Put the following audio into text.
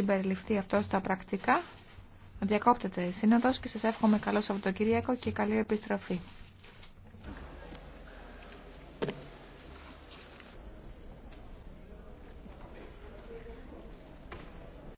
συμπεριληφθεί αυτό στα πρακτικά. Διακόπτεται η σύνοδος και σας εύχομαι καλό Σαββατοκύριακο και καλή επιστροφή.